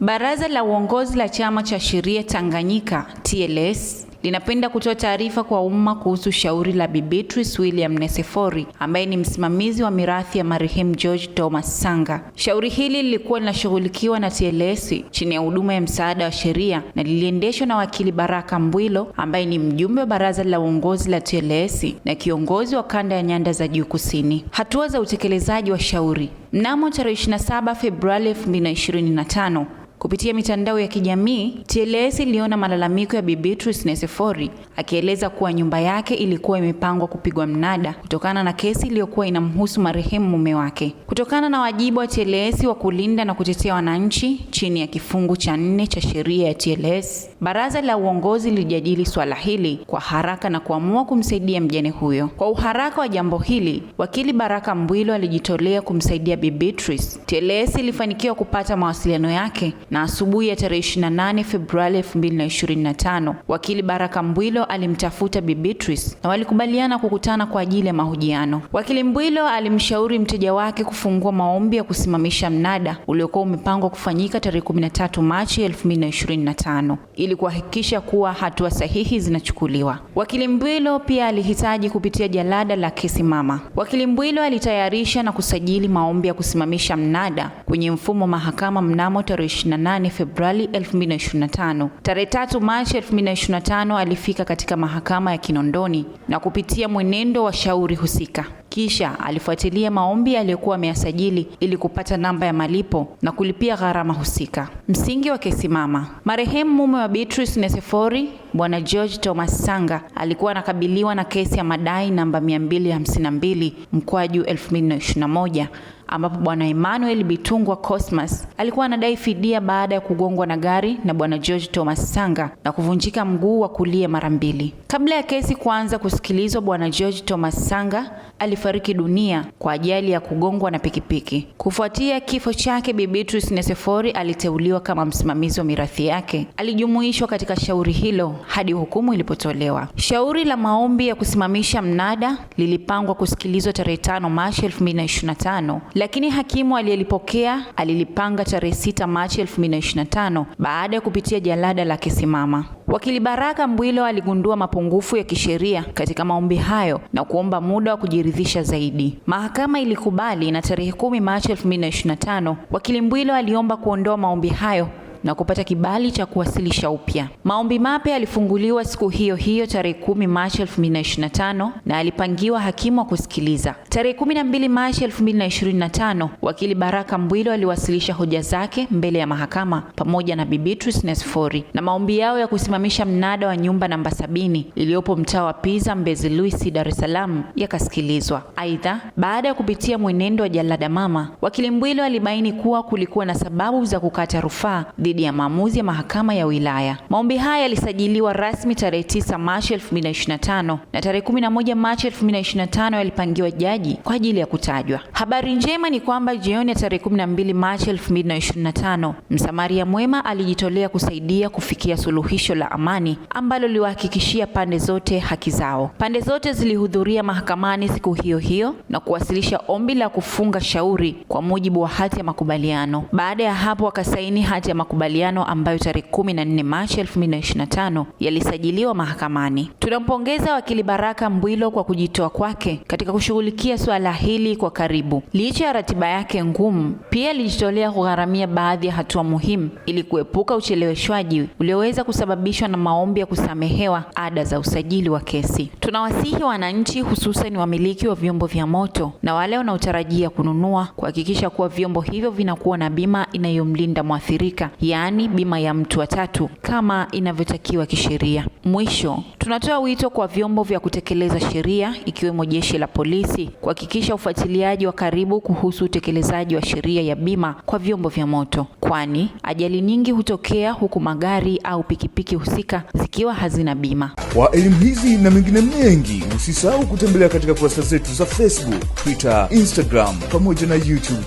Baraza la uongozi la Chama cha Sheria Tanganyika TLS linapenda kutoa taarifa kwa umma kuhusu shauri la Bi Beatrice William Nesefori ambaye ni msimamizi wa mirathi ya marehemu George Thomas Sanga. Shauri hili lilikuwa linashughulikiwa na TLS chini ya huduma ya msaada wa sheria na liliendeshwa na wakili Baraka Mbwilo ambaye ni mjumbe wa baraza la uongozi la TLS na kiongozi wa kanda ya nyanda za juu kusini. Hatua za utekelezaji wa shauri. Mnamo tarehe 27 Februari 2025 Kupitia mitandao ya kijamii, TLS iliona malalamiko ya Bi Beatrice Nesefori akieleza kuwa nyumba yake ilikuwa imepangwa kupigwa mnada kutokana na kesi iliyokuwa inamhusu marehemu mume wake. Kutokana na wajibu wa TLS wa kulinda na kutetea wananchi chini ya kifungu cha nne cha sheria ya TLS, baraza la uongozi lilijadili swala hili kwa haraka na kuamua kumsaidia mjane huyo. Kwa uharaka wa jambo hili, wakili Baraka Mbwilo alijitolea kumsaidia Bi Beatrice. TLS ilifanikiwa kupata mawasiliano yake na asubuhi ya tarehe 28 Februari 2025 wakili Baraka Mbwilo alimtafuta Bi Beatrice na walikubaliana kukutana kwa ajili ya mahojiano. Wakili Mbwilo alimshauri mteja wake kufungua maombi ya kusimamisha mnada uliokuwa umepangwa kufanyika tarehe 13 Machi 2025 ili kuhakikisha kuwa hatua sahihi zinachukuliwa. Wakili Mbwilo pia alihitaji kupitia jalada la kesi mama. Wakili Mbwilo alitayarisha na kusajili maombi ya kusimamisha mnada kwenye mfumo mahakama mnamo tarehe 28 Februari 2025. Tarehe 3 Machi 2025 alifika katika mahakama ya Kinondoni na kupitia mwenendo wa shauri husika kisha alifuatilia maombi aliyokuwa ameyasajili ili kupata namba ya malipo na kulipia gharama husika. Msingi wa kesi mama. Marehemu mume wa Beatrice Nesefori, Bwana George Thomas Sanga alikuwa anakabiliwa na kesi ya madai namba 252 mkwaju 2021 ambapo bwana Emmanuel Bitungwa Cosmas alikuwa anadai fidia baada ya kugongwa na gari na bwana George Thomas Sanga na kuvunjika mguu wa kulia mara mbili. Kabla ya kesi kuanza kusikilizwa, bwana George Thomas Sanga alif alifariki dunia kwa ajali ya kugongwa na pikipiki. Kufuatia kifo chake, Bi Beatrice Nesefori aliteuliwa kama msimamizi wa mirathi yake. Alijumuishwa katika shauri hilo hadi hukumu ilipotolewa. Shauri la maombi ya kusimamisha mnada lilipangwa kusikilizwa tarehe 5 Machi 2025, lakini hakimu aliyelipokea alilipanga tarehe 6 Machi 2025 baada ya kupitia jalada la kesi mama. Wakili Baraka Mbwilo aligundua mapungufu ya kisheria katika maombi hayo na kuomba muda wa kujiridhisha zaidi. Mahakama ilikubali na tarehe kumi Machi 2025 wakili Mbwilo aliomba kuondoa maombi hayo na kupata kibali cha kuwasilisha upya. Maombi mapya yalifunguliwa siku hiyo hiyo tarehe 10 Machi 2025 na alipangiwa hakimu wa kusikiliza. Tarehe 12 Machi 2025, wakili Baraka Mbwilo aliwasilisha hoja zake mbele ya mahakama pamoja na Bi Beatrice Nesfori na maombi yao ya kusimamisha mnada wa nyumba namba sabini iliyopo mtaa wa piza Mbezi Luisi, Dar es Salaam yakasikilizwa. Aidha, baada ya kupitia mwenendo wa jalada mama, wakili Mbwilo alibaini kuwa kulikuwa na sababu za kukata rufaa dhidi ya maamuzi ya mahakama ya wilaya. Maombi haya yalisajiliwa rasmi tarehe 9 Machi 2025 na tarehe 11 Machi 2025 yalipangiwa jaji kwa ajili ya kutajwa. Habari njema ni kwamba jioni ya tarehe 12 Machi 2025 msamaria mwema alijitolea kusaidia kufikia suluhisho la amani ambalo liwahakikishia pande zote haki zao. Pande zote zilihudhuria mahakamani siku hiyo hiyo na kuwasilisha ombi la kufunga shauri kwa mujibu wa hati ya makubaliano. Baada ya hapo, wakasaini hati ya makubaliano makubaliano ambayo tarehe 14 Machi 2025 yalisajiliwa mahakamani. Tunampongeza wakili Baraka Mbwilo kwa kujitoa kwake katika kushughulikia suala hili kwa karibu. Licha ya ratiba yake ngumu, pia alijitolea kugharamia baadhi ya hatua muhimu ili kuepuka ucheleweshwaji ulioweza kusababishwa na maombi ya kusamehewa ada za usajili wa kesi. Tunawasihi wananchi, hususan wamiliki wa vyombo vya moto na wale wanaotarajia kununua, kuhakikisha kuwa vyombo hivyo vinakuwa na bima inayomlinda mwathirika yaani bima ya mtu wa tatu kama inavyotakiwa kisheria. Mwisho, tunatoa wito kwa vyombo vya kutekeleza sheria ikiwemo jeshi la polisi kuhakikisha ufuatiliaji wa karibu kuhusu utekelezaji wa sheria ya bima kwa vyombo vya moto, kwani ajali nyingi hutokea huku magari au pikipiki husika zikiwa hazina bima. Kwa elimu hizi na mengine mengi, usisahau kutembelea katika kurasa zetu za Facebook, Twitter, Instagram pamoja na YouTube.